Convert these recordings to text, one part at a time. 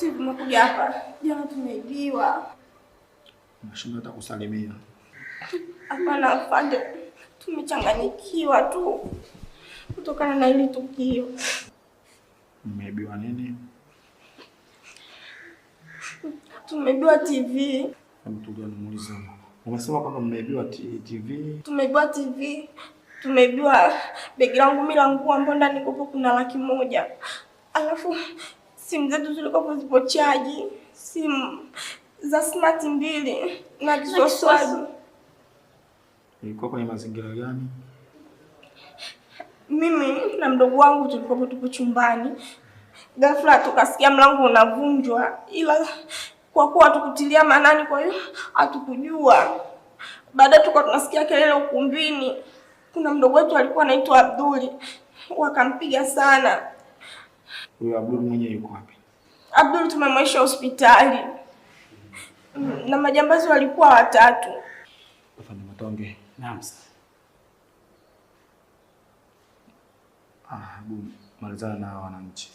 Si tumekuja hapa jana, tumeibiwa. Nashindwa hata kusalimia. Hapana afande, tumechanganyikiwa tu kutokana na hili tukio. Mmeibiwa nini? Tumeibiwa TV. Muuliza, umesema kwamba mmeibiwa TV? Tumeibiwa TV, tumeibiwa begi langu mimi la nguo, ambapo ndani kupo kuna laki moja alafu simu zetu zilikuwa zipo simu za smart mbili na kiswaswadi. Ilikuwa kwenye mazingira gani? Mimi na mdogo wangu tulikuwa tupo chumbani, ghafla tukasikia mlango unavunjwa, ila kwa kuwa hatukutilia maanani, kwa hiyo hatukujua. Baadaye tukawa tunasikia kelele ukumbini, kuna mdogo wetu alikuwa anaitwa Abduli, wakampiga sana huyo Abdul mwenye yuko wapi? Abdul tumemwisha hospitali na majambazi walikuwa watatu. Afande Matonge. Naam sir. Ah, boom. Malizana na wananchi.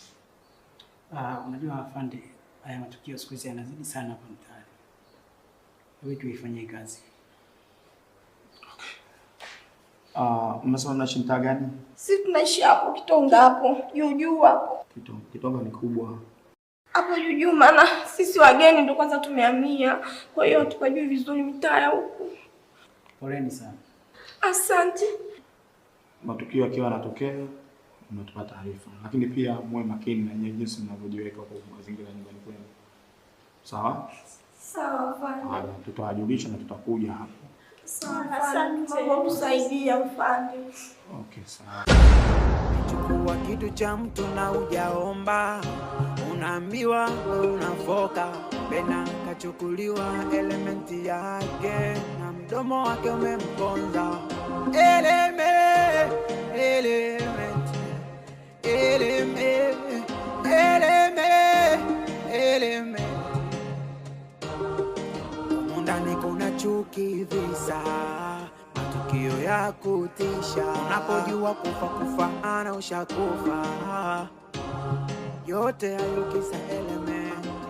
Ah, unajua afande, haya matukio siku hizi yanazidi sana hapa mtaani. Wewe tuifanyie kazi. Uh, ah, mnasema mnaishi mtaa gani? Sisi tunaishi hapo Kitonga hapo juu juu hapo. Kitonga, Kitonga ni kubwa. Hapo juu juu maana sisi wageni ndo kwanza tumehamia. Kwa hiyo hatupajui vizuri mitaa ya huku. Poleni sana. Asante. Matukio akiwa yanatokea mnatupa taarifa, lakini pia muwe makini na nyenye jinsi mnavyojiweka kwa mazingira nyumbani kwenu. Sawa? Sawa Tutawajulisha na tutakuja hapo. Chukua kitu cha mtu na ujaomba, unaambiwa unavoka Bena kachukuliwa elementi yake na mdomo wake umemponza. Ndani kuna chuki, visa, matukio ya kutisha. Unapojua kufa kufa, ana ushakufa. Yote hayo kisa element